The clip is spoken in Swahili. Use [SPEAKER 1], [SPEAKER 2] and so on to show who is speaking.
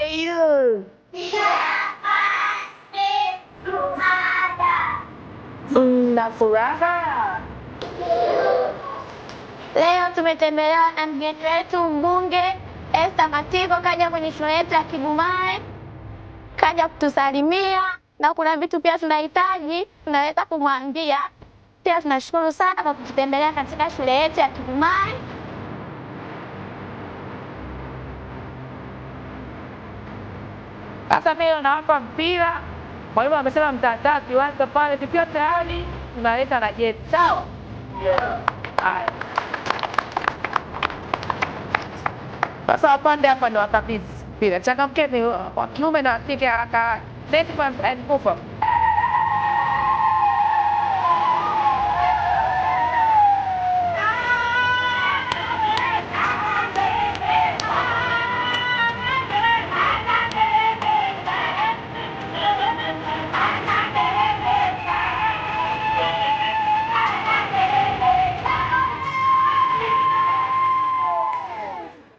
[SPEAKER 1] Hayır. furaha.
[SPEAKER 2] Leo tumetembelewa na mgeni wetu mbunge Esther Matiko, kaja kwenye shule yetu ya Kigumae, kaja kutusalimia na kuna vitu pia tunahitaji tunaweza kumwambia. Pia tunashukuru sana kwa kututembelea katika shule yetu ya Kigumae.
[SPEAKER 1] Sasa mimi nawapa mpira, mwalimu amesema mtataa kiwanja pale, tukiwa tayari tunaleta na jeti, sawa? Haya, sasa wapande hapa ni wakabidhi mpira, changamkeni wa kiume na wa kike haraka, neti